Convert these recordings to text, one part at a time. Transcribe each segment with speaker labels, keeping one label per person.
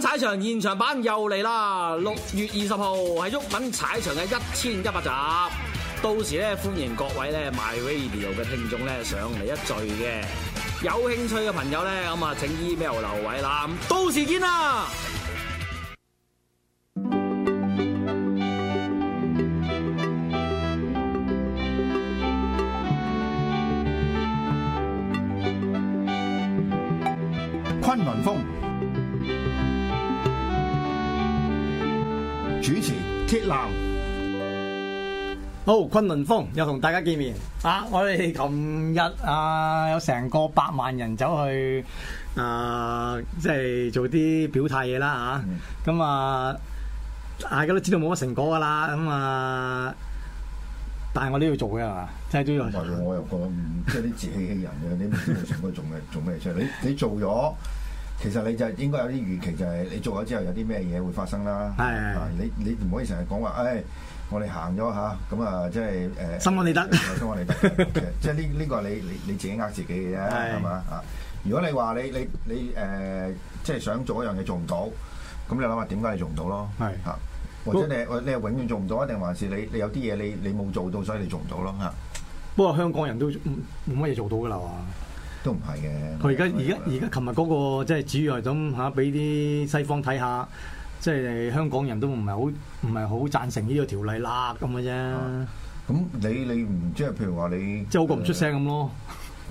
Speaker 1: 踩場現場版又嚟啦！六月二十號係沃品踩場嘅一千一百集，到時咧歡迎各位咧 My Radio 嘅聽眾咧上嚟一聚嘅，有興趣嘅朋友咧咁啊，請 Email 劉偉南，到時見啦！
Speaker 2: 崑崙風。
Speaker 1: 好，崑崙風又同大家見面啊！我哋琴日啊，有成個百萬人走去啊，即係做啲表態嘢啦啊！咁啊，大家都知道冇乜成果噶啦，咁啊，但係我都要做嘅係嘛？即係都要
Speaker 2: 做。唔係喎，我又覺得， 即係啲自欺欺人嘅、啊，你冇乜成果做咩？ 做咩啫？你你做咗。其實你就應該有啲預期，就係你做咗之後有啲咩嘢會發生啦。係，你你唔可以成日講話，誒，我哋行咗吓，咁啊，即係誒。心安理得，心安理得。即係呢呢個你你你自己呃自己嘅啫是是，係嘛啊？如果你話你你你誒，即係想做一樣嘢做唔到，咁你諗下點解你做唔到咯？係啊，或者你吧 你你係永遠做唔到一定還是你你有啲嘢你你冇做到，所以你做唔到咯？啊，
Speaker 1: 不過香港人都冇乜嘢做到嘅啦話。都唔係嘅。佢而家而家而家，琴日嗰個即係、就是、主要係咁吓，俾、啊、啲西方睇下，即、就、係、是、香港人都唔係好唔係好贊成呢個條例啦咁嘅啫。
Speaker 2: 咁你你唔即係譬如話你即係好過唔出聲咁咯。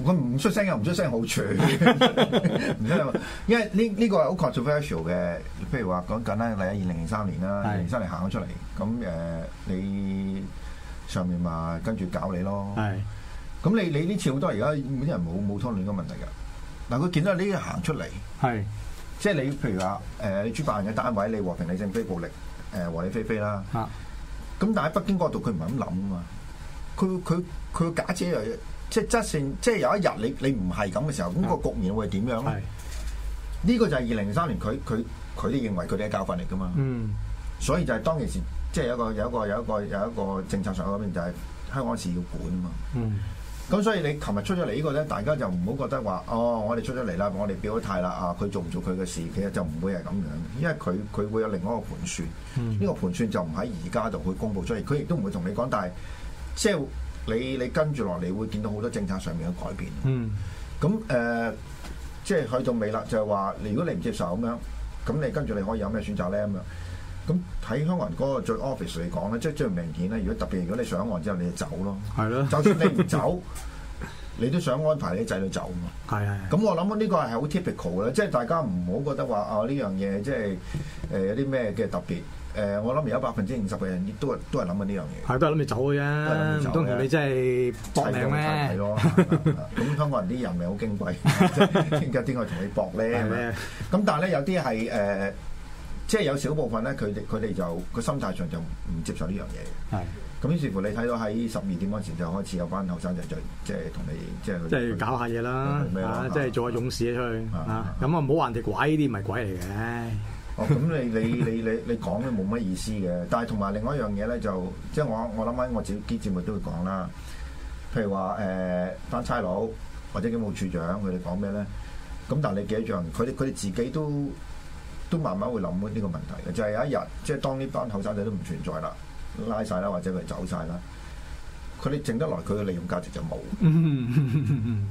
Speaker 2: 我唔、啊、出聲又唔出聲好處，唔出 因為呢呢、呢個係好 controversial 嘅。譬如話講緊啦，例如二零零三年啦，二零零三年行咗出嚟，咁、呃、誒你上面嘛跟住搞你咯。係。咁你你呢次好多而家冇啲人冇冇拖亂個問題嘅，嗱佢見到呢行出嚟，係是即係你譬如話、呃、你主辦人嘅單位，你和平理性非暴力誒，和理非非啦，咁、啊、但係喺北京嗰度佢唔係咁諗噶嘛，佢佢佢假設又即係質性，即係有一日你你唔係咁嘅時候，咁、那個局面會點樣咧？呢、啊、個就係二零零三年佢佢佢哋認為佢哋係教訓嚟噶嘛，
Speaker 1: 嗯、
Speaker 2: 所以就係當其時即係、就是、有一個有一個有一個,有一個,有,一個有一個政策上嗰邊就係香港事要管啊嘛，嗯咁所以你琴日出咗嚟呢個咧，大家就唔好覺得話哦，我哋出咗嚟啦，我哋表咗態啦啊，佢做唔做佢嘅事，其實就唔會係咁樣，因為佢佢會有另外一個盤算，呢、嗯、個盤算就唔喺而家就去公布出嚟，佢亦都唔會同你講，但係即係你你跟住落嚟會見到好多政策上面嘅改變。
Speaker 1: 嗯，
Speaker 2: 咁誒、呃，即係去到尾啦，就係話，如果你唔接受咁樣，咁你跟住你可以有咩選擇咧咁樣。咁睇香港人嗰個最 office 嚟講咧，即係最明顯咧。如果特別，如果你上岸之後，你就走
Speaker 1: 咯，就算你唔走，
Speaker 2: 你都想安排你仔女走嘛。係係。咁我諗啊，呢個係好 typical 嘅，即係大家唔好覺得話啊呢樣嘢即係誒有啲咩嘅特別。誒，我諗而家百分之五十嘅人亦都係都係諗緊呢樣
Speaker 1: 嘢。係都係諗住走嘅啫。當然你真係搏命咩？
Speaker 2: 咁香港人啲人咪好矜貴，點解點解同你搏咧？咁但係咧有啲係誒。即係有少部分咧，佢哋佢哋就個心態上就唔接受呢樣嘢嘅。係咁，於是乎你睇到喺十二點嗰時就開始有班學生就就即係同你即係即係
Speaker 1: 搞下嘢啦，即係做下勇士出去咁啊，唔好話人哋鬼呢啲，唔係鬼嚟嘅。
Speaker 2: 咁你你你你你講都冇乜意思嘅。但係同埋另外一樣嘢咧，就即係我我諗返我自己啲節目都會講啦。譬如話誒，班差佬或者警務處長佢哋講咩咧？咁但係你記一樣，佢哋佢哋自己都都慢慢會諗呢個問題嘅，就係、是、有一日，即係當呢班後生仔都唔存在啦，拉晒啦，或者佢走晒啦，佢哋剩得落佢嘅利用價值就冇，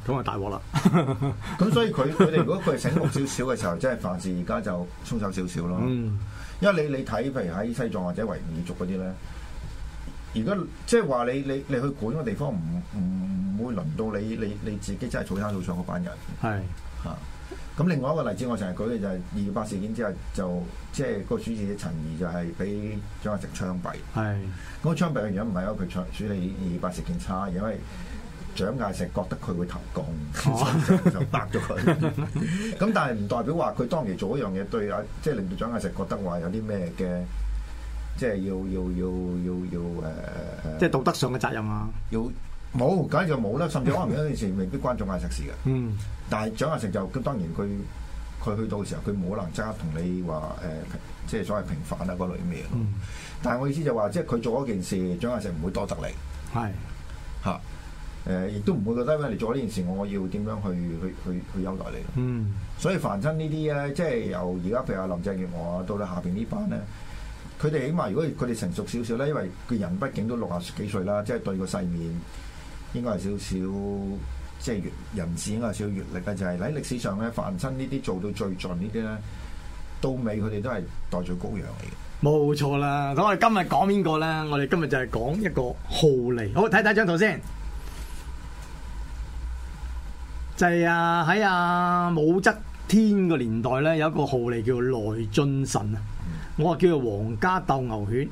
Speaker 1: 咁啊大鑊啦！咁、嗯嗯、 所以佢佢哋如果佢醒悟
Speaker 2: 少少嘅時候，即、就、係、是、凡事而家就鬆手少少咯。嗯、因為你你睇譬如喺西藏或者維吾爾族嗰啲咧，如果即係話你你你，你去管個地方，唔唔會輪到你你你自己真係坐喺路上嗰班人係啊。 咁另外一個例子，我成日舉嘅就係二月八事件之後，就即、是、係個主持者陳儀就係俾蔣介石槍斃。係是。嗰個槍斃嘅原因唔係因為佢處理二月八事件差，而係蔣介石覺得佢會投共，哦、 就就殺咗佢。咁 但係唔代表話佢當其做一樣嘢，對呀，即係令到蔣介石覺得話有啲咩嘅，就是、uh, uh, 即係要要要要要誒
Speaker 1: 即係道德上嘅責任啊。
Speaker 2: 有。冇，簡直就冇啦。甚至可能有件事未必關蔣介石事嘅。嗯。但係蔣介石就，咁當然佢佢去到嘅時候，佢冇可能即刻同你話誒，即、呃、係所謂平反啊嗰類咁嘢、嗯、但係我意思就話，即係佢做嗰件事，蔣介石唔會多得你。
Speaker 1: 係是。
Speaker 2: 嚇、啊。誒、呃，亦都唔會覺得喂，你做呢件事，我要點樣去去去去優待你？嗯。所以凡親呢啲咧，即係由而家譬如阿林鄭月娥啊，到到下邊呢班咧，佢哋起碼如果佢哋成熟少少咧，因為佢人畢竟都六十幾歲啦，即係對個世面。應該係少少即係人事，應該係少少閲歷就係、是、喺歷史上咧，凡親呢啲做到最盡呢啲咧，到尾佢哋都係代罪羔羊嚟嘅。
Speaker 1: 冇錯啦。咁我哋今日講邊個啦？我哋今日就係講一個酷吏。好，睇睇張圖先。就係、是、啊，喺啊武則天個年代咧，有一個酷吏叫來俊臣啊。我話叫做皇、嗯、家鬥牛犬，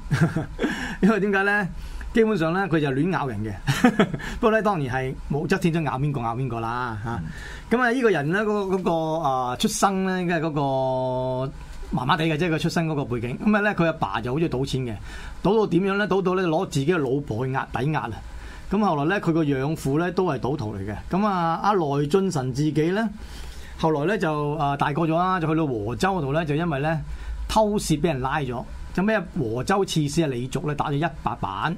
Speaker 1: 因為點解咧？基本上咧，佢就亂咬人嘅。 不過咧，當然係武則天真咬邊個咬邊個啦嚇。咁啊、嗯，依個人咧，嗰、那、嗰、個那個出生咧，應該係嗰個麻麻地嘅，即係佢出生嗰、那個、個背景。咁啊咧，佢阿爸就好鍾意賭錢嘅，賭到點樣咧？賭到咧攞自己嘅老婆去押抵押啊！咁後來咧，佢個養父咧都係賭徒嚟嘅。咁啊，阿來俊臣自己咧，後來咧、啊、就啊大個咗啦，就去到和州嗰度咧，就因為咧偷竊俾人拉咗。就咩和州刺史啊李續咧打咗一百板，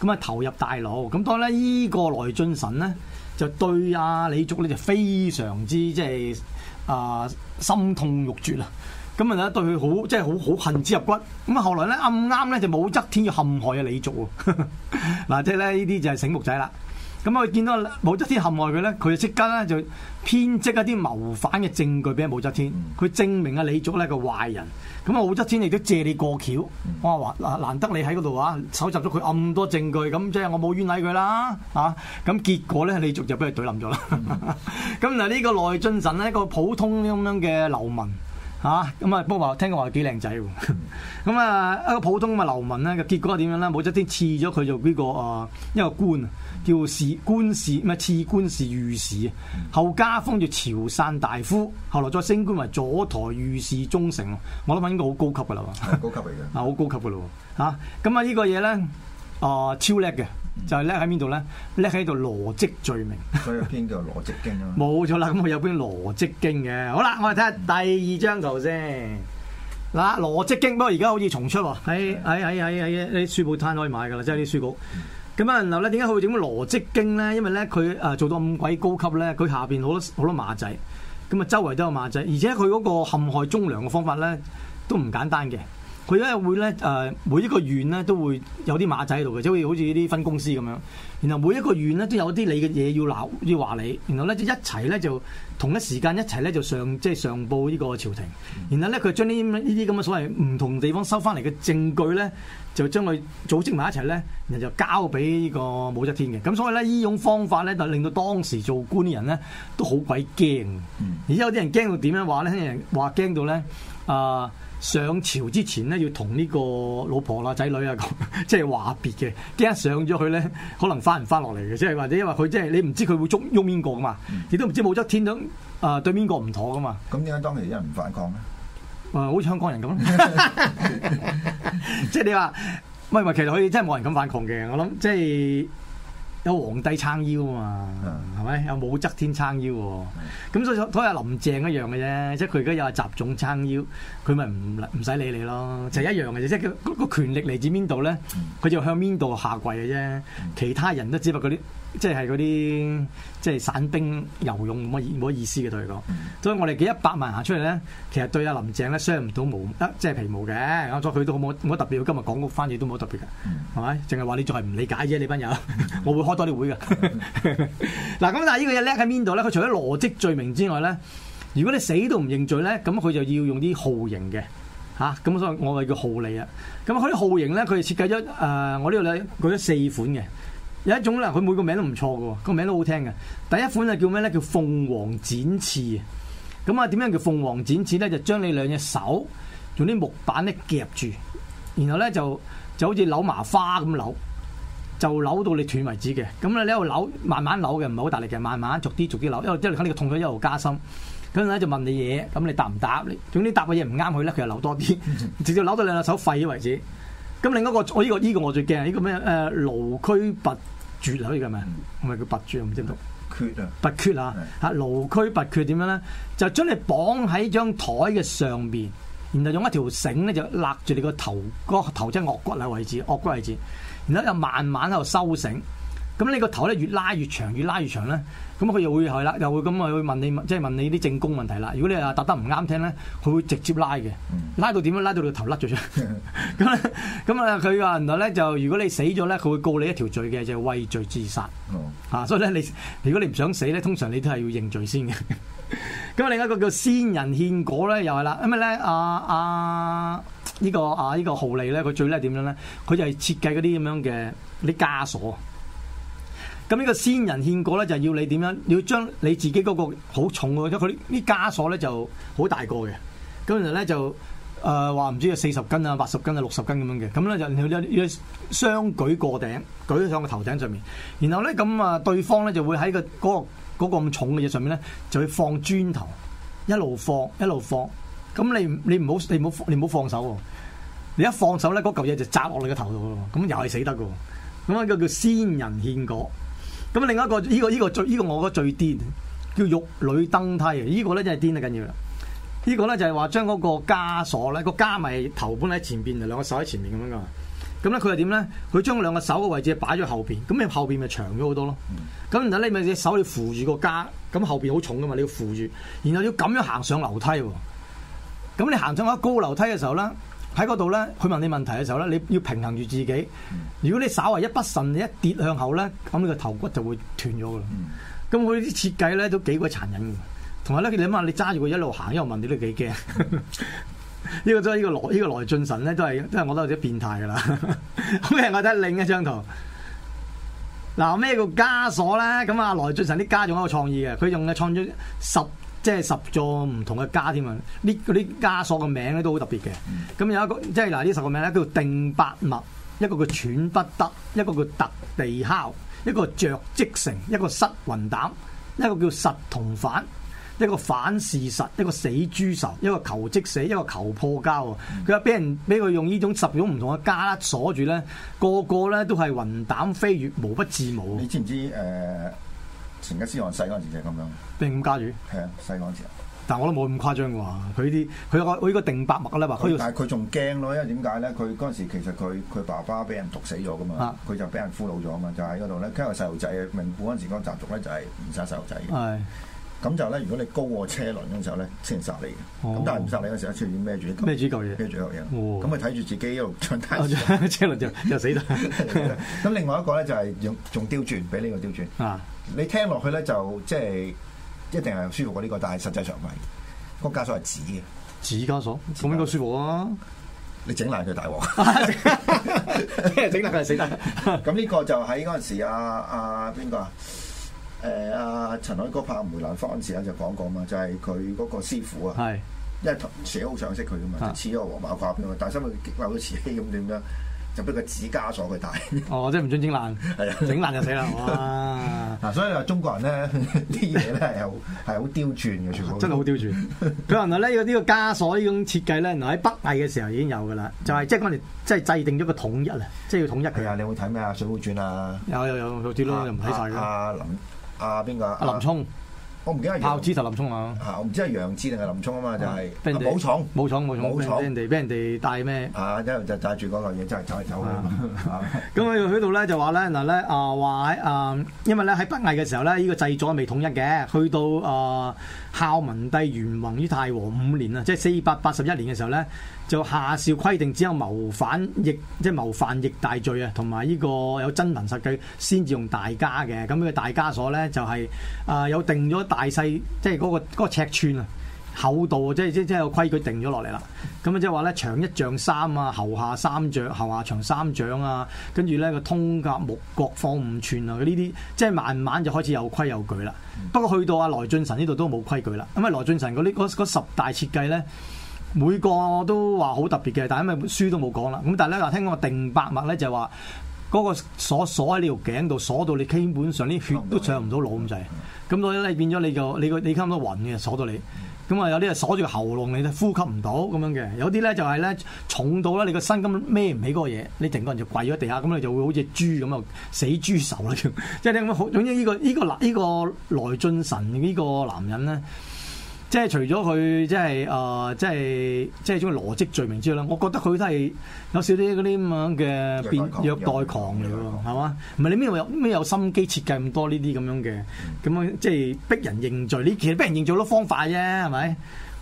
Speaker 1: 咁啊投入大牢。咁當然咧依個來俊臣咧就對阿李續咧就非常之即係啊心痛欲絕啊，咁啊咧對佢好即係好好恨之入骨。咁啊後來咧暗啱咧就武則天要陷害阿李續嗱 即係咧依啲就係醒目仔啦。咁啊！見到武則天陷害佢咧，佢就即刻咧就編織一啲謀反嘅證據俾武則天，佢證明阿李續咧個壞人。咁啊，武則天亦都借你過橋，哇！難得你喺嗰度啊，搜集咗佢咁多證據，咁即係我冇冤枉佢啦啊！咁結果咧，李續就俾佢懟冧咗啦。咁嗱、mm，呢、hmm. 個來俊臣咧，一個普通咁樣嘅流民。嚇咁啊！不過話聽講話幾靚仔喎，咁啊一個普通嘅流民咧，結果點樣咧？武則天賜咗佢做呢個啊、呃、一個官叫士官士，唔係官士御史，後加封做朝散大夫，後來再升官為左台御史中丞。我諗應該好高級噶啦喎，高級嚟嘅，啊好高級噶咯喎嚇！咁啊呢個嘢咧，啊超叻嘅。就係叻喺邊度咧？叻喺度羅織罪名有。 佢以經叫羅織經啊嘛。冇錯啦，咁我有本《羅織經》嘅。好啦，我哋睇下第二張圖先嗱，《羅織經》不過而家好似重出喎，喺喺喺喺喺書報攤可以買噶啦，即係啲書局。咁啊的，嗱咧，點解佢會整到羅織經》咧？因為咧佢誒做到咁鬼高級咧，佢下邊好多好多馬仔，咁啊周圍都有馬仔，而且佢嗰個陷害忠良嘅方法咧都唔簡單嘅。佢因為會咧，誒每一個縣咧都會有啲馬仔喺度嘅，即係好似呢啲分公司咁樣。然後每一個縣咧都有啲你嘅嘢要鬧，要話你。然後咧就一齊咧就同一時間一齊咧就上，即係上報呢個朝廷。然後咧佢將呢呢啲咁嘅所謂唔同地方收翻嚟嘅證據咧，就將佢組織埋一齊咧，然後就交俾呢個武則天嘅。咁所以咧呢種方法咧就令到當時做官啲人咧都好鬼驚。而有啲人驚到點樣話咧？有人話驚到咧啊！呃上朝之前咧，要同呢個老婆啦、啊、仔女啊，咁即係話別嘅。一上咗去咧，可能翻唔翻落嚟嘅。即係或者因為佢即係你唔知佢會捉喐邊個噶嘛，你都唔知武則天都啊、呃、對邊個唔妥噶嘛。咁點解當其一人唔反抗咧？啊、呃，好似香港人咁咯， 即係你話，唔係唔係，其實佢真係冇人敢反抗嘅。我諗即係。有皇帝撐腰啊嘛，係咪 有武則天撐腰喎、啊？咁 所以睇下林鄭一樣嘅啫，即係佢而家有係習總撐腰，佢咪唔唔使理你咯，就係、是、一樣嘅啫。即係佢、那個權力嚟自邊度咧，佢就向邊度下跪嘅啫。其他人都只不過啲。即係嗰啲即係散兵游勇，冇乜冇乜意思嘅對佢嚟講。 所以我哋幾一百萬行出嚟咧，其實對阿林鄭咧傷唔到毛，即係皮毛嘅。咁所以佢都冇乜冇特別。今日講嗰翻嘢都冇乜特別嘅，係咪？淨係話你仲係唔理解啫，你班友。 我會開多啲會㗎。嗱， 咁但係呢個嘢叻喺邊度咧？佢除咗邏輯罪名之外咧，如果你死都唔認罪咧，咁佢就要用啲酷刑嘅嚇。咁、啊、所以我哋叫酷吏啊。咁佢啲酷刑咧，佢係設計咗誒、呃，我呢度咧舉咗四款嘅。有一種咧，佢每個名都唔錯嘅，個名都好聽嘅。第一款就叫咩咧？叫鳳凰展翅啊！咁啊，點樣叫鳳凰展翅咧？就將你兩隻手用啲木板咧夾住，然後咧就就好似扭麻花咁扭，就扭到你斷為止嘅。咁你喺度扭，慢慢扭嘅，唔係好大力嘅，慢慢逐啲逐啲扭，因為即係肯定個痛感一路加深。咁陣咧就問你嘢，咁你答唔答？總之答嘅嘢唔啱佢咧，佢又扭多啲， 直接扭到兩隻手廢為止。咁、嗯、另一個，我、這、依個依、這個我最驚，呢、這個咩誒？勞、呃、拘拔絕啊，依、這個係唔係叫拔絕，我唔識讀。缺絕絕啊，拔缺啊，嚇！勞拘拔缺點樣咧？就將你綁喺張台嘅上邊，然後用一條繩咧就勒住你個頭，個頭即係顎骨啊位置，顎骨位置，然後又慢慢喺度收繩。咁你個頭咧越拉越長，越拉越長咧，咁佢又會係啦，又會咁啊，會問你即係、即係、問你啲證供問題啦。如果你啊答得唔啱聽咧，佢會直接拉嘅，拉到點樣咧？拉到你個頭甩咗出。咁咧，咁啊，佢話原來咧，就如果你死咗咧，佢會告你一條罪嘅，就係、畏罪自殺。Oh. 啊，所以咧，你如果你唔想死咧，通常你都係要認罪先嘅。咁啊，另一個叫仙人獻果咧，又係啦。咁啊咧，阿阿呢個阿呢個豪利咧，佢最叻係點樣咧？佢就係設計嗰啲咁樣嘅啲枷鎖。咁呢個仙人獻果咧，就係、是、要你點樣？要將你自己嗰個好重喎，因為佢啲枷鎖咧就好大個嘅。咁然後咧就誒話唔知啊四十斤啊八十斤啊六十斤咁樣嘅。咁咧就然後咧要雙舉過頂，舉喺上個頭頂上面。然後咧咁啊，對方咧就會喺、嗰個嗰、嗰個咁重嘅嘢上面咧，就會放磚頭，一路放一路放。咁你你唔好你唔好你唔好放手喎。你一放手咧，嗰嚿嘢就砸落你個頭度咯。咁又係死得嘅。咁啊叫叫仙人獻果。咁啊，另一個呢個呢個最呢個我覺得最癲叫玉女登梯啊！個呢個咧真係癲得緊要啦！呢、就係、個咧就係話將嗰個枷鎖咧個枷咪頭搬喺前邊，兩個手喺前邊咁樣噶嘛。咁咧佢係點咧？佢將兩個手嘅位置擺咗後邊，咁你後邊咪長咗好多咯。咁然後咧咪隻手要扶住個枷，咁後邊好重噶嘛，你要扶住，然後要咁樣行上樓梯。咁你行上一高樓梯嘅時候咧。喺嗰度咧，佢問你問題嘅時候咧，你要平衡住自己。如果你稍為一不慎你一跌向後咧，咁你個頭骨就會斷咗㗎喇。咁佢啲設計咧都幾鬼殘忍嘅，同埋咧你諗下，你揸住佢一路行，一路問，你都幾驚。呢、 呢個都係呢個來呢、呢個來俊臣咧，都係都係我都有啲變態㗎喇。咁啊，我睇另一張圖。嗱，咩叫枷鎖咧？咁啊，來俊臣啲枷仲一個創意嘅，佢用嘅創咗十。即係十座唔同嘅家添啊！呢啲枷鎖嘅名咧都好特別嘅。咁、嗯、有一個即係嗱，呢十個名咧叫定百脈，一個叫喘不得，一個叫突地敲，一個叫著即成，一個失魂膽，一個叫實同反，一個反是實，一個死豬愁，一個求即死，一個求破家啊！佢話俾、嗯、人俾佢用呢種十種唔同嘅枷鎖住咧，個個咧都係魂膽飛越，無不自無。你知唔知誒？呃成吉思汗細嗰陣時就係咁樣，俾唔咁加住，係啊，細嗰陣時，但係我都冇咁誇張喎。佢啲，佢我我依個定百脈啦嘛，佢他要，但係佢
Speaker 2: 仲驚咯，因為點解咧？佢嗰陣時其實佢佢爸爸俾人毒死咗噶嘛，佢就俾人俘虜咗啊嘛，就喺嗰度咧，因為細路仔啊，蒙古嗰陣時個習俗咧就係唔殺細路仔嘅。咁就咧，如果你高過車輪嘅時候咧，先殺你嘅。咁但係唔殺你嘅時候咧，就要孭住孭住
Speaker 1: 嚿嘢，孭住嘢。
Speaker 2: 咁佢睇住自己一路上台，
Speaker 1: 車輪就又死咗。
Speaker 2: 咁另外一個咧就係用仲刁鑽，畀呢個刁鑽。你聽落去咧就即係一定係舒服過呢個，但係實際上唔係。個枷鎖係紙嘅，
Speaker 1: 紙枷鎖冇邊個舒服啊？你整爛佢大鑊，
Speaker 2: 即係整爛佢死。咁呢個就喺嗰陣時阿阿邊個啊？誒阿、呃、陳凱歌拍《梅蘭芳》陣時就講過嘛，就係佢嗰個師傅啊，是因為寫好賞識佢噶嘛，是就似啊黃馬褂咁啊，但係因為激嬲到慈禧咁點樣，就俾個紙枷鎖佢戴。哦，即係唔準
Speaker 1: 整爛，係啊，整爛就死啦！嗱、
Speaker 2: 啊，所以話中國人咧啲嘢咧係好係好刁鑽嘅，哇全部、哦、真係好刁鑽。
Speaker 1: 佢原來咧有呢個枷鎖呢種設計咧，原來喺北魏嘅時候已經有噶啦，就係、是、即係嗰條即係制定咗個統一啊，即、就、係、是、要統一佢。係啊，你有冇睇咩啊《水滸傳》啊？有有有，好似咯又唔睇曬嘅。林。阿
Speaker 2: 邊個阿林沖？
Speaker 1: 我唔記得。豹子就林沖啊！我唔、啊
Speaker 2: 啊、知係楊志定係林沖啊嘛，就係、是。武松。武冇武冇武冇俾人
Speaker 1: 哋，俾人哋帶咩？啊，一路就帶住嗰嚿嘢，真係走嚟走去、啊。咁佢去到咧就話咧嗱咧啊話誒啊，因為咧喺北魏嘅時候咧，呢、呢個制度未統一嘅，去到啊、呃、孝文帝元宏於太和五年啊，即係四百八十一年嘅時候咧。就下詔規定，只有謀反逆即係、就是、謀犯逆大罪啊，同埋呢個有真憑實據先至用大家嘅。咁呢個大家所咧就係、是、啊、呃、有定咗大細，即係嗰個嗰個尺寸啊，厚度即係即即係有規矩定咗落嚟啦。咁啊即係話咧長一丈三啊，後下三丈，後下長三丈啊，跟住咧個通甲木角放五寸啊，呢啲即係慢慢就開始有規有矩啦。不過去到阿來俊臣呢度都冇規矩啦，因為來俊臣嗰十大設計咧。每個都話好特別嘅，但係因為本書都冇講啦。咁但係咧話聽講定百物咧，就係話嗰個鎖鎖喺你條頸度，鎖到你基本上啲血都上唔到腦咁滯。咁所以咧變咗你就你個你差唔多暈嘅鎖到你。咁啊有啲係鎖住個喉嚨，你就呼吸唔到咁樣嘅。有啲咧就係咧重到啦，你個身根本孭唔起嗰個嘢。你成個人就跪咗地下，咁你就會好似豬咁啊死豬受啦。即係點講？總之呢、呢個呢、呢個呢、呢個來俊臣呢個男人咧。即係除咗佢、呃，即係啊、呃，即係即係，種嘅邏輯罪名之外，啦。我覺得佢都係有少啲嗰啲咁樣嘅變虐待狂嚟喎，係嘛？唔係你咩有邊有心機設計咁多呢啲咁樣嘅咁樣，嗯、即係逼人認罪。你其實逼人認罪好多方法啫，係咪？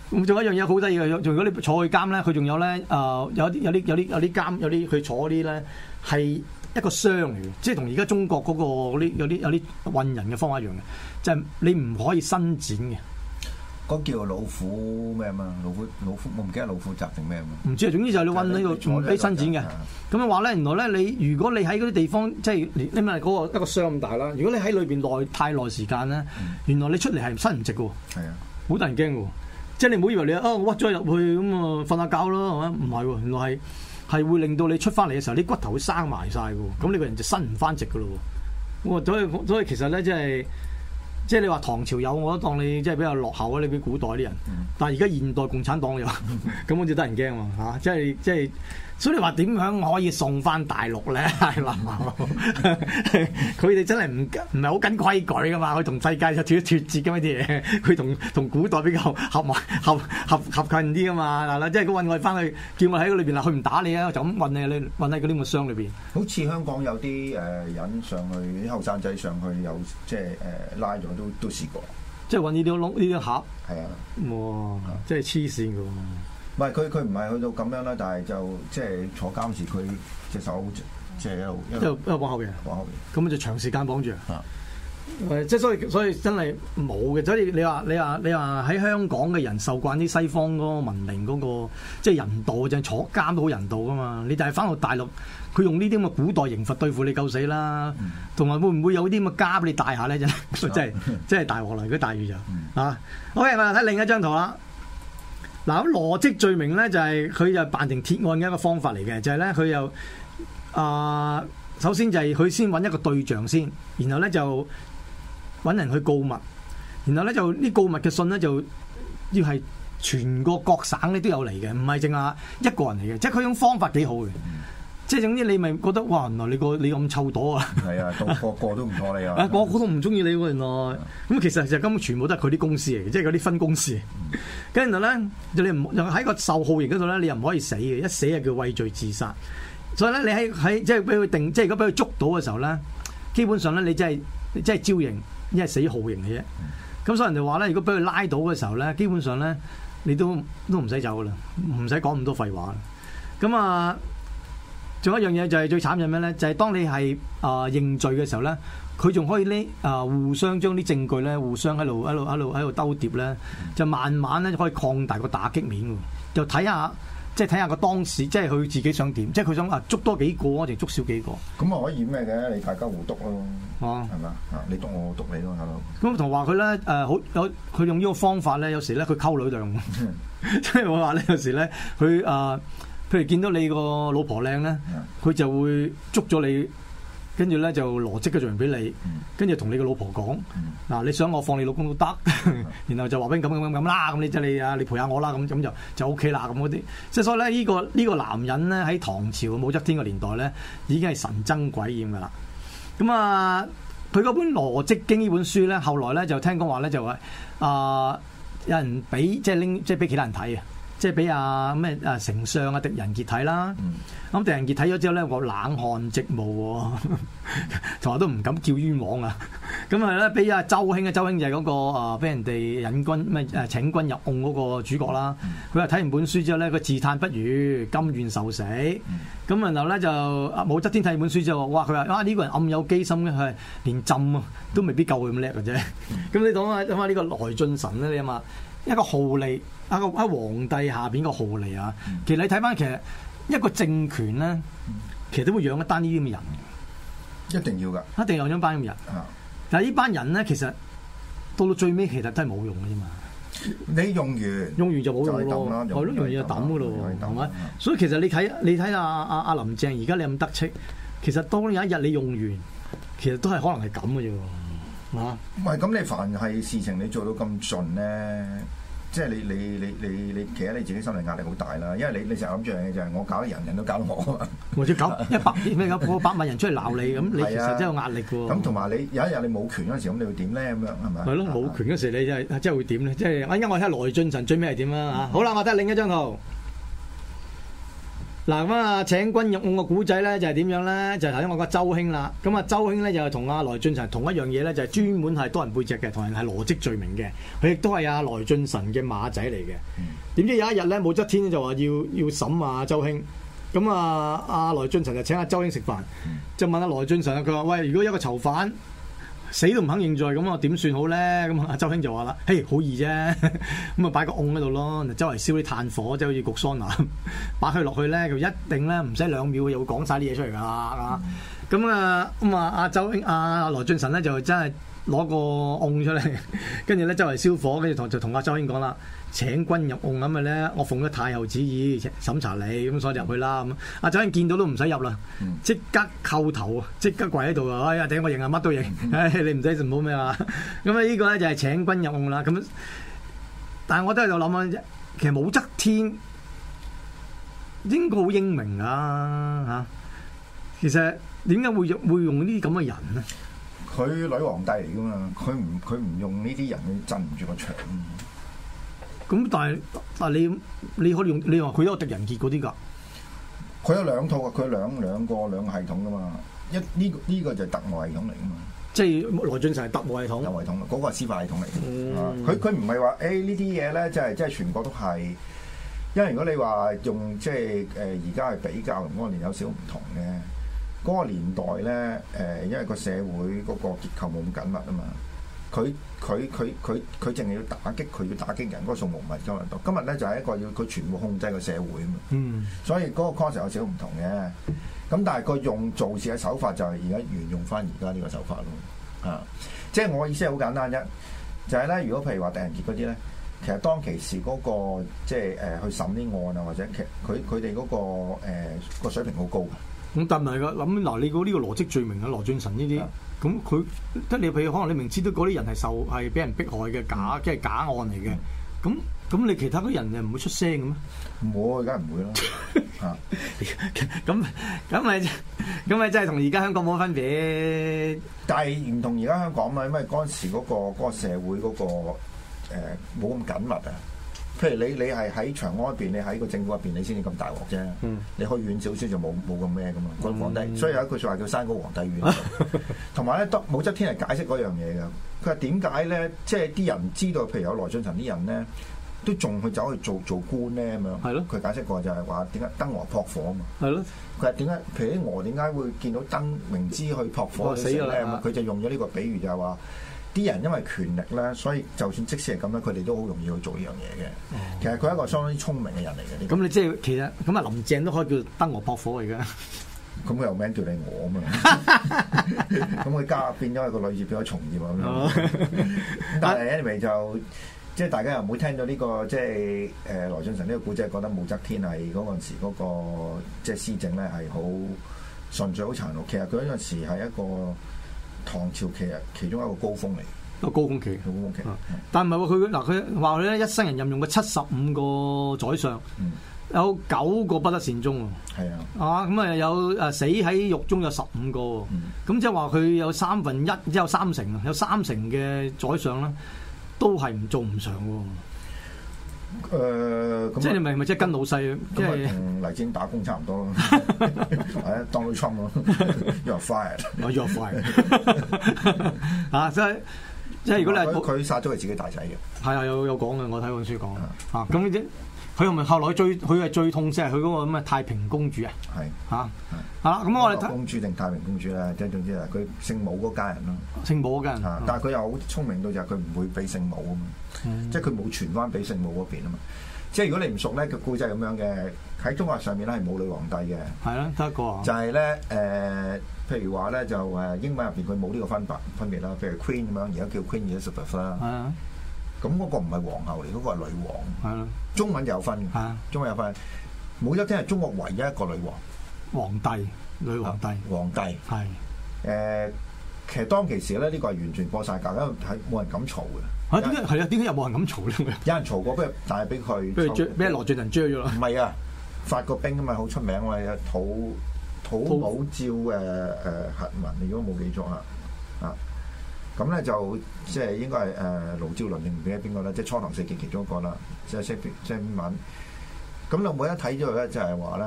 Speaker 1: 咁仲有一樣嘢好得意嘅，如果你坐去監咧，佢仲有咧啊、呃，有啲有啲有啲有啲監有啲佢坐嗰啲咧係一個箱嚟嘅，即係同而家中國嗰、那個啲有啲有啲韞人嘅方法一樣嘅，即、就、係、是、你唔可以伸展嘅。
Speaker 2: 嗰叫做老虎咩啊嘛？老虎老虎，老虎，我唔記得老虎襲定咩？
Speaker 1: 唔知啊，總之就你韞喺度唔俾伸展嘅。咁樣話咧，原來咧，你如果你喺嗰啲地方，即係你咪嗰個一個箱咁大啦。如果你喺裏邊耐太耐時間咧，原來你出嚟係伸唔直嘅。係啊、嗯，好得人驚嘅。即係你唔好以為你啊，我屈咗入去咁啊，瞓下覺咯，係嘛？唔係原來係係會令到你出翻嚟嘅時候，你骨頭會生埋晒嘅。咁、嗯、你個人就伸唔翻直嘅咯。我所以所以，所以其實咧，即係。即係你話唐朝有，我都當你即係比較落後啊！你啲古代啲人，但係而家現代共產黨又，咁先至得人驚喎嚇，即係即係。所以你話點樣可以送翻大陸咧？林 某，佢哋真係唔唔係好跟規矩噶嘛？佢同世界就脫脫節噶咩啲嘢？佢同同古代比較合合合合近啲噶嘛？嗱，即係佢運我哋翻去，叫我喺嗰裏邊啦，佢唔打你啊，就咁運你，你運喺嗰啲木箱裏邊。
Speaker 2: 好似香港有啲誒人上去，啲後生仔上去有即係誒、呃、拉咗，都都試過。
Speaker 1: 即係運呢啲呢啲盒。係啊的！哇！即係黐線嘅喎。唔係佢佢唔係去到
Speaker 2: 咁樣啦，但係就即係坐監時佢隻手即係一路一路一
Speaker 1: 路往後邊，往後邊咁就長時間綁住。啊！誒、嗯，即係所以所以真係冇嘅。所以你話你話你話喺香港嘅人受慣啲西方嗰個文明嗰、那個即係人道，就係坐監都好人道噶嘛。你但係翻到大陸，佢用呢啲咁嘅古代刑罰對付你夠死啦，同埋、嗯、會唔會有啲咁嘅枷俾你戴下咧？ 真即係即係大鑊啦！如果大雨就啊，OK，睇另一張圖啦。嗱，咁邏輯罪名咧就係佢就辦成鐵案嘅一個方法嚟嘅，就係咧佢又啊，首先就係佢先揾一個對象先，然後咧就揾人去告密。然後咧就呢告密嘅信咧就要係全國各省咧都有嚟嘅，唔係淨係一個人嚟嘅，即係佢種方法幾好嘅。即係總之，你咪覺得哇！原來你個你咁臭朵啊，係啊，
Speaker 2: 個個都唔妥、啊、 你啊。啊，
Speaker 1: 個個都唔中意你喎。原來咁，的其實就根本全部都係佢啲公司嚟嘅，即係嗰啲分公司。跟住咧，然後呢你唔又喺個受號型嗰度咧，你又唔可以死嘅，一死啊叫畏罪自殺。所以咧，你喺喺即係俾佢定，即係如果俾佢捉到嘅時候咧，基本上咧你真係即係招型，一係死號型嘅啫。咁、嗯、所以人哋話咧，如果俾佢拉到嘅時候咧，基本上咧你都都唔使走噶啦，唔使講咁多廢話。咁啊～仲有一樣嘢就係最慘係咩咧？就係當你係啊、呃、認罪嘅時候咧，佢仲可以呢啊、呃、互相將啲證據咧互相喺度喺度喺度喺度兜碟咧，嗯、就慢慢咧可以擴大個打擊面。就睇下即係睇下個當時即係佢自己想點，即係佢想啊捉多幾個定捉少幾個？
Speaker 2: 咁啊可以咩嘅？你大家互篤咯，係嘛、啊、你篤我，我
Speaker 1: 篤你咯咁，同埋話佢咧誒好有佢用呢個方法咧，有時咧佢溝女就用，即係我話咧有時咧佢啊。呃呃譬如見到你個老婆靚咧，佢 Yeah. 就會捉咗你，跟住咧就羅織嘅做容俾你，mm. 跟住同你個老婆講。嗱、mm. 啊，你想我放你老公都得， 然後就話俾咁樣咁咁啦，咁你即係你啊，你陪下我啦，咁咁就就 OK 啦，咁嗰啲。即係所以咧，呢、這個呢、這個男人咧喺唐朝武則天個年代咧，已經係神憎鬼厭噶啦。咁、嗯、啊，佢嗰本《羅織經》呢本書咧，後來咧就聽講話咧就話啊、呃，有人俾即係拎即係俾幾多人睇啊？即係俾阿咩阿丞相啊狄仁傑睇啦，咁狄仁傑睇咗之後咧，我冷汗直冒，同埋都唔敢叫冤枉啊！咁係咧，俾阿周興啊，周興就係嗰個啊，俾人哋引軍咩誒，請君入甕嗰個主角啦。佢話睇完本書之後咧，佢自嘆不如，甘願受死。咁、嗯、然後咧就武則天睇完本書之後話，哇！佢話哇呢個人暗有機心嘅，佢連朕都未必夠佢咁叻嘅啫。咁、嗯嗯嗯、你講下講下呢個來俊臣咧啊嘛，一個酷吏。啊個喺皇帝下邊個號嚟啊，其實你睇翻其實一個政權咧，其實都會養一班呢啲咁嘅人，一定要噶，一定養、嗯、一班咁嘅人。但係呢班人咧，其實到到最尾，其實都係冇用嘅啫嘛。你用完，用完就冇用就用完就抌噶咯，係咪？就以吧所以其實你睇你睇阿阿阿林鄭而家你咁得戚，其實當有一日你用完，其實都係可能係咁嘅啫。吓，
Speaker 2: 唔係咁你凡係事情你做到咁順咧？即係你你你你你，其實你，你，你自己心理壓力好大啦，因為你你成日諗住嘢就係我搞啲人人都搞到我
Speaker 1: 啊嘛，我要搞一百啲咩 百萬人出嚟鬧你咁，你其實真係有
Speaker 2: 壓力喎。咁同埋你有一日你冇權嗰時候，咁你會點咧？咁、啊、樣係咪？係咯、
Speaker 1: 啊，冇權嗰時你即係即係會點咧、啊？即係、嗯，因為我睇下來俊臣最尾係點啦嚇。好啦，我睇下另一張圖。嗱咁啊，請君入甕個故仔咧就係點樣咧？就頭、是、先、就是、我講周興啦。咁啊，周興咧就同、是、阿來俊臣同一樣嘢咧，就係、是、專門係多人背脊嘅，同人係羅織罪名嘅。佢亦都係阿來俊臣嘅馬仔嚟嘅。點知有一日咧，武則天就話要要審啊周興。咁啊，阿、啊啊、來俊臣就請阿、啊、周興食飯，就問阿、啊、來俊臣，佢話喂，如果一個囚犯，死都唔肯認罪，咁我點算好咧？咁啊，周興就話啦，嘿，好易啫，咁啊，擺個甕喺度咯，周圍燒啲炭火，即係好似焗桑拿，擺佢落去咧，就一定咧，唔使兩秒又會講晒啲嘢出嚟㗎喇。嗯 咁、嗯、啊咁啊阿周英阿來、啊、俊臣咧就真係攞個瓮出嚟，跟住咧周圍燒火，跟住同就同阿周英講啦，請君入瓮咁嘅咧，我奉咗太後旨意審查你，咁所以就入去啦。咁、嗯、阿、啊、周英見到都唔使入啦，即刻叩頭，即刻跪喺度啊！哎呀，頂我認啊，乜都認，哎、你唔使唔好咩啊？咁啊、嗯嗯、 呢個咧就係、是、請君入瓮啦。咁但係我都喺度諗緊，其實武則天應該好英明啊吓、啊，其實。點解會用會用呢啲咁嘅人
Speaker 2: 咧？佢女皇帝嚟噶嘛？佢唔佢唔用呢啲人去鎮唔住個
Speaker 1: 場。咁但係但你你可以用你話佢有狄仁傑嗰啲噶？
Speaker 2: 佢有兩套噶，佢兩兩個兩個系統噶嘛？一呢呢、這個這個就係特務系統嚟噶嘛？即係來俊臣係特務系統，特務系統嗰、那個係司法系統嚟嘅。佢佢唔係話誒呢啲嘢咧，即係即係全國都係。因為如果你話用即係誒而家係比較，安聯有少唔同嘅。嗰個年代咧，誒、呃，因為個社會嗰個結構冇咁緊密啊嘛，佢佢佢佢佢淨係要打擊，佢要打擊人嗰個數目唔係力量。今日咧就係一個要佢全部控制個社會啊嘛，嗯、所以嗰個 concept 有少少唔同嘅。咁但係佢用做事嘅手法就係而家沿用翻而家呢個手法咯。啊，即係我意思係好簡單啫，就係、是、咧，如果譬如話狄仁傑嗰啲咧，其實當其時嗰、那個即係誒去審啲案啊，或者佢佢哋嗰個誒個、呃、水平好高。
Speaker 1: 咁噉咪係㗎，諗嗱你嗰呢個邏輯罪名啊，來俊臣呢啲，咁佢得你譬如可能你明知道嗰啲人係受係俾人迫害嘅假，即係假案嚟嘅，咁咁、嗯、你其他嗰啲人誒唔會出聲嘅咩？冇啊，梗係唔會啦。咁咁咪咁咪真係同而家香港冇分別，
Speaker 2: 但係唔同而家香港啊，因為嗰陣時嗰、嗰個嗰個社會嗰、嗰個冇咁、呃、緊密啊。譬如你你係喺長安嗰邊，你喺個政府入邊，你先至咁大鑊啫。嗯、你去遠少少就冇冇咁咩咁啊。皇帝、嗯、所以有一句話叫山高皇帝遠。同埋咧，得武則天係解釋嗰樣嘢嘅。佢話點解咧？即係啲人知道，譬如有來俊臣啲人咧，都仲去走去做做官咧咁樣。係咯。佢解釋過就係話點解燈蛾撲火啊？係咯。佢話點解？譬如啲蛾點解會見到燈，明知去撲火嘅死咧，佢就用咗呢個比喻就，就係話。啲人因為權力啦，所以就算即使係咁咧，佢哋都好容易去做呢樣嘢嘅。其實佢係一個相當之聰明嘅人嚟
Speaker 1: 嘅。咁、哦、邊你即係其實咁啊，林鄭都可以叫做燈蛾撲火而家。咁佢又名叫你我啊嘛。
Speaker 2: 咁佢加變咗係個女業變咗從業。 但係 anyway 就即係大家又唔會聽到呢、這個即係誒來俊臣呢個古仔，覺得武則天係嗰陣時嗰、那個即係施政咧係好純粹好殘酷。其實佢嗰陣時係一個唐朝期啊，其中
Speaker 1: 一個高峰嚟，個高峰期，高峰期。是但唔係喎，佢嗱佢話咧，一生人任用嘅七十五個宰相，嗯、有九個不得善終
Speaker 2: 喎。
Speaker 1: 係啊，啊咁啊有誒死喺獄中有十五個，咁、嗯、即係話佢有三分一，有三成啊，有三成嘅宰相咧，都係唔做唔上喎。
Speaker 2: 誒，呃嗯、即係
Speaker 1: 咪咪即係跟老細，即係是 黎智英打工差唔多咯，係 啊，當老闆咯，you're fired，我 you're fired，即係
Speaker 2: 即係如果你係佢，佢殺咗佢自己大仔
Speaker 1: 嘅，係 啊，有有講嘅，我睇本書講啊，咁即。 嗯佢又咪後來佢最佢係最痛啫，佢嗰個咁嘅太平公主啊，係嚇嚇咁我太
Speaker 2: 公主定太平公主呢啊，即係總之啊，佢姓武嗰家人咯，姓武嗰人，但係佢又好聰明到就係佢唔會俾姓武啊嘛、嗯，即係佢冇傳翻俾姓武嗰邊啊嘛，即係如果你唔熟咧，個故事係咁樣嘅，喺中華上面咧係冇女皇帝嘅，係咯得一個，就係咧誒，譬如話咧就誒英文入邊佢冇呢個分別分別啦，譬如 queen 咁樣而家叫 Queen Elizabeth 啊。咁嗰個唔係皇后嚟，嗰、那個係女王。係咯的，中文有分。係的，中文有分。冇得聽，係中國唯一一個女王。
Speaker 1: 皇帝，女皇帝，皇帝，係的。
Speaker 2: 誒、呃，其實當其時咧，呢、這個係完全過晒界，因為係冇人敢吵嘅。
Speaker 1: 啊，點解人？係啊，點解又冇人敢吵咧？有
Speaker 2: 人吵過，追過不如但係俾佢。俾朱，
Speaker 1: 俾來俊臣追咗啦。唔係啊，發過
Speaker 2: 兵啊嘛，好出名我嘛，討討武曌嘅誒檄文，你如果冇記錯啊。咁咧、嗯、就即係應該係誒盧照鄰定唔得邊個咧？即係初唐四傑其中一個啦，即係寫篇寫篇文。咁我每一睇咗佢咧，就係話咧，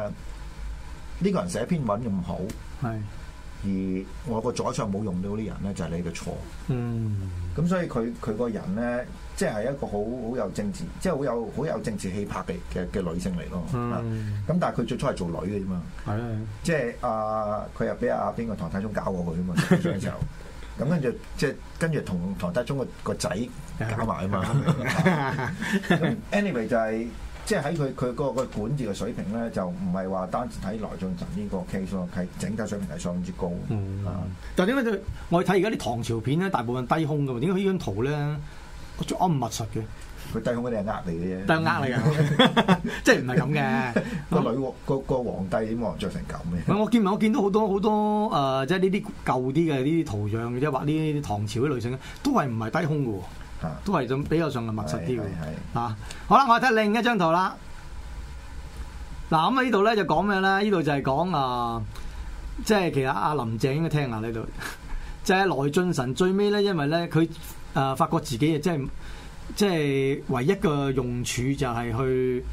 Speaker 2: 呢個人寫篇文咁好。係。是 而我個宰相冇用到呢人咧，就係、是、你嘅錯。嗯。咁所以佢佢個人咧，即係係一個好好有政治，即係好有好有政治氣魄嘅嘅女性嚟咯。咁、嗯、但係佢最初係做女嘅是的、呃、嘛。係即係阿佢又俾阿邊個唐太宗搞過佢啊嘛？就。 咁跟住即係跟住同唐德宗個個仔搞埋啊嘛。 anyway 就係即係喺佢佢個個管治嘅水平咧，就唔係話單止睇來俊臣呢個 case 咯，係整體水平係相當之高。嗯。嗯，
Speaker 1: 但點解佢我哋睇而家啲唐朝片咧，大部分低空噶嘛？點解佢呢張圖咧，仲暗密實嘅？佢低胸嗰啲係呃你嘅啫， 低胸呃你噶， 即係唔係咁嘅。 啊嗯、
Speaker 2: 個女皇皇帝點望着成咁嘅？
Speaker 1: 唔係、嗯，我見我見到好多好多誒、呃，即係呢啲舊啲嘅呢啲圖像，即係話呢唐朝啲女性都係唔係低胸嘅喎，都係比較上係密實啲嘅。嚇、啊啊嗯，好啦，我睇另一張圖啦。嗱，咁啊，嗯、呢度咧就講咩咧？呢度就係講啊，即係其實阿林鄭應該聽下呢度，即係來俊臣最尾咧，因為咧佢誒發覺自己啊，即係。即即係唯一個用處就係去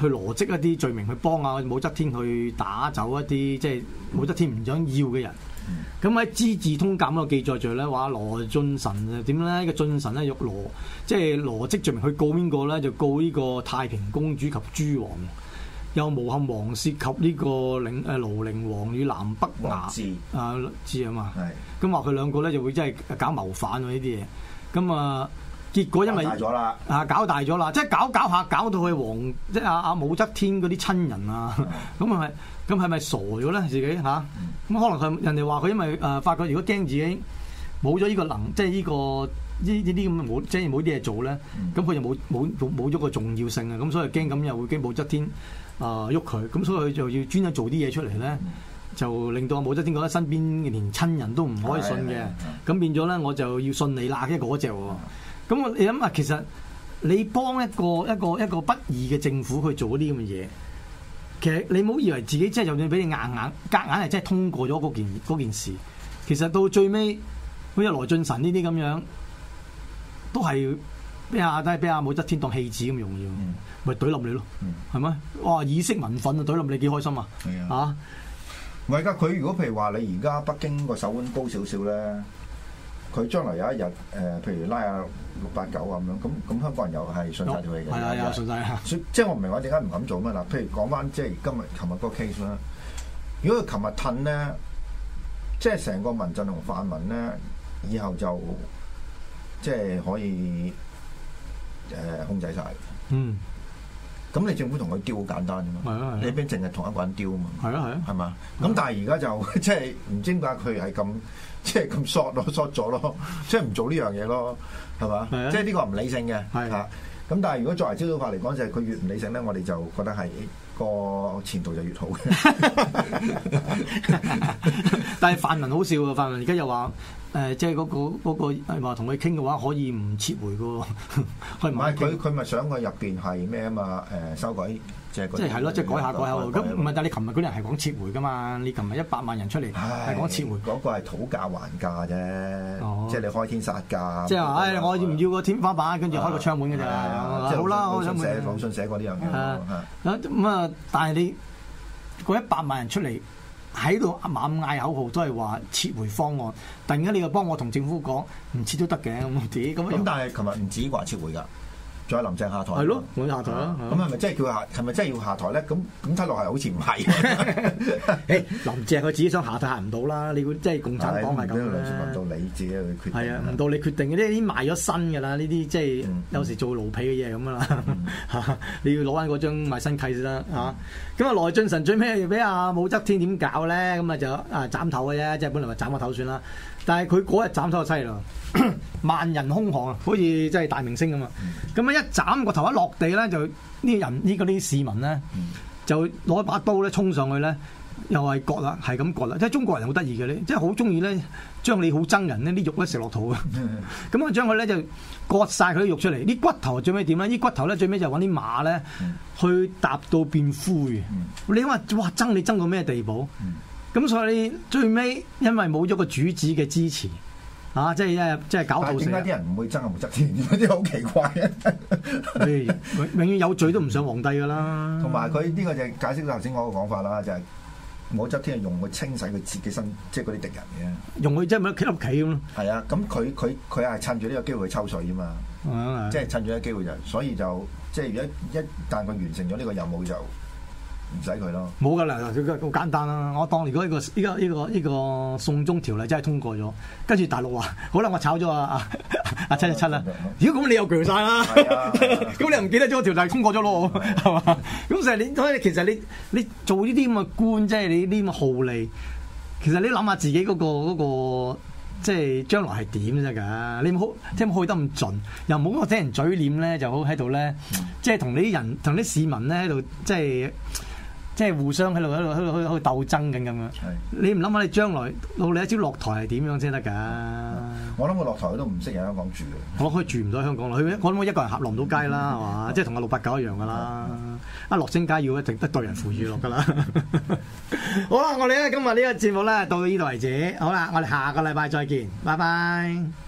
Speaker 1: 去羅織一啲罪名去幫啊武則天去打走一啲即係武則天唔想要嘅人。咁、嗯、喺、嗯《資治通鑑》嗰個記載就係咧，話來俊臣點咧？呢一個俊臣咧用羅即係羅織罪名去告邊個咧？就告呢個太平公主及諸王及，又無陷王涉及呢個凌誒廬陵王與南北衙治啊之啊嘛。咁話佢兩個咧就會真係搞謀反啊！呢啲嘢咁啊～、嗯嗯嗯嗯嗯嗯嗯結果因為大咗啦，啊搞大咗啦，即係搞搞下搞到去王，即係阿阿武則天嗰啲親人啊，咁係咁係咪傻咗咧？自己吓，咁、啊、可能佢人哋話佢因為誒、呃、發覺如果驚自己冇咗呢個能，即係、這、呢個呢呢啲咁嘅冇即係冇啲嘢做咧，咁佢就冇冇冇咗個重要性啊，咁所以驚咁又會驚武則天啊喐佢，咁、呃、所以佢就要專登做啲嘢出嚟咧，就令到阿武則天覺得身邊連親人都唔可以信嘅，咁變咗咧我就要信你啦，即係嗰隻。咁我、嗯、你諗啊，其實你幫一個一個一個不義嘅政府去做啲咁嘅嘢，其實你冇以為自己真係，就算俾你硬硬隔硬係真係通過咗嗰件件事，其實到最尾好似來俊臣呢啲咁樣，都係俾阿都係俾阿武則天當棄子咁容易，咪懟冧你咯，係咪、嗯？哇！以息民憤啊，懟冧你幾開心啊？係啊，啊！
Speaker 2: 我而家佢如果譬如話你而家北京個手腕高少少咧。佢將來有一日，誒、呃，譬如拉下六八九咁樣，咁咁香港人又係信晒條氣嘅，係啊，用如信曬即係我唔明話點解唔敢做咩啦？譬如講翻即係今日、琴日個 case 啦。如果佢琴日褪咧，即係成個民陣同泛民咧，以後就即係可以誒控制晒。呃、嗯。咁你政府同佢丟好簡單啫嘛，嗯、你邊淨係同一個人丟啊嘛？係啊係啊，係、嗯、嘛？咁但係而家就即係唔知點解佢係咁。即係咁 short 咯 short 咗咯，即係唔做呢樣嘢咯，係嘛？是的 即係呢個唔理性嘅嚇。咁是的、啊、但係如果作為焦土法嚟講，就係、是、佢越唔理性咧，我哋就覺得係個前
Speaker 1: 途就越好。 但係泛民好笑啊！泛民而家又話誒，即係嗰個嗰個話同佢傾嘅話可以唔撤回嘅喎，佢唔係佢佢
Speaker 2: 咪想佢入邊係咩啊嘛？誒修改即係係咯，即係改下改下。咁
Speaker 1: 唔係但係你琴日嗰啲人係講撤回嘅嘛？你琴日一百萬人出嚟係講撤回。嗰個係討價
Speaker 2: 還價啫，即係你開天殺價。即
Speaker 1: 係話誒，我唔要個天花板，跟住開個窗門嘅咋。好啦，我想寫，我想寫過呢樣嘢。係咁啊，但係你嗰一百萬人出嚟。喺度猛嗌口號，都係話撤回方案。突然間你又幫我同政府講唔撤都得嘅，咁點咁？咁但係琴日唔止話撤回㗎。
Speaker 2: 仲有林鄭下台，係咯，我下台啦。咁係咪真係叫下？係咪真係要下台咧？咁咁睇落係好似唔係。
Speaker 1: 林鄭佢自己想下台行唔到啦。你個即係共產黨係咁啦。係，唔到你自己去決定。係啊，唔到你決定嘅呢啲賣咗身嘅啦，呢啲即係有時做奴婢嘅嘢咁啊。嚇，你要攞翻嗰張賣身契先啦。嚇。咁啊，來俊臣最尾俾阿武則天點搞咧？咁啊就啊斬頭嘅啫，即係本來話斬個頭算啦。但係佢嗰日斬頭就犀利啦，萬人空巷啊，好似真係大明星咁啊。咁一斬個頭一落地咧，就呢人呢啲市民咧，就攞把刀咧衝上去咧，又係割啦，係咁割啦。即係中國人好得意嘅咧，即係好中意咧，將你好憎人呢啲肉咧食落肚啊！咁啊，將佢咧就割晒佢啲肉出嚟，啲骨頭最尾點咧？啲骨頭咧最尾就搵啲馬咧去踏到變灰。 你話哇憎你憎到咩地步？咁 所以你最尾，因為冇咗個主子嘅支持。啊！即係即係搞到點解啲人
Speaker 2: 唔會憎係武則天嗰啲好奇怪嘅？
Speaker 1: 永永遠有罪都唔上皇帝噶啦。同埋佢呢個就解釋咗頭先
Speaker 2: 我個講法啦，就係武則天係用佢清洗佢自己身，即係嗰啲敵人嘅。用佢即係咪企屋企咁咯？係啊，咁佢佢佢係趁住呢個機會去抽水啊嘛，即係、啊啊、趁住呢個機會就，所以就即係如果一旦佢完成咗呢個任務就。
Speaker 1: 唔使佢咯，冇噶啦，佢個好簡單啦、啊。我當如果呢、這個呢、這個呢、這個呢、這個送中條例真係通過咗，跟住大陸話，好啦，我炒咗啊啊七就七啦。如果咁你又強晒啦，咁、啊啊啊啊、 你唔記得咗條例通過咗咯，係嘛、啊？咁就你所以其實你你做呢啲咁嘅官，即係你呢啲咁嘅酷吏，其實你諗下、就是、自己嗰、那個嗰、那個即係將來係點啫？噶，你冇聽冇去得咁盡，又冇我聽人嘴臉咧，就好喺度咧，即係同你啲人同啲市民咧喺度即係。即即係互相喺度喺度喺度喺度鬥爭緊咁樣。是你唔諗下你將來老李一朝落台係點樣先得㗎？
Speaker 2: 我諗我落台都唔識喺香港住㗎。
Speaker 1: 我可以住唔到香港落去。我諗我一個人合落唔到街啦，係嘛、嗯？即係同阿六八九一樣㗎啦。啊、嗯，落星街要一定得對人扶住落㗎啦。 好啦，我哋咧今日呢個節目咧到呢度為止。好啦，我哋下個禮拜再見，拜拜。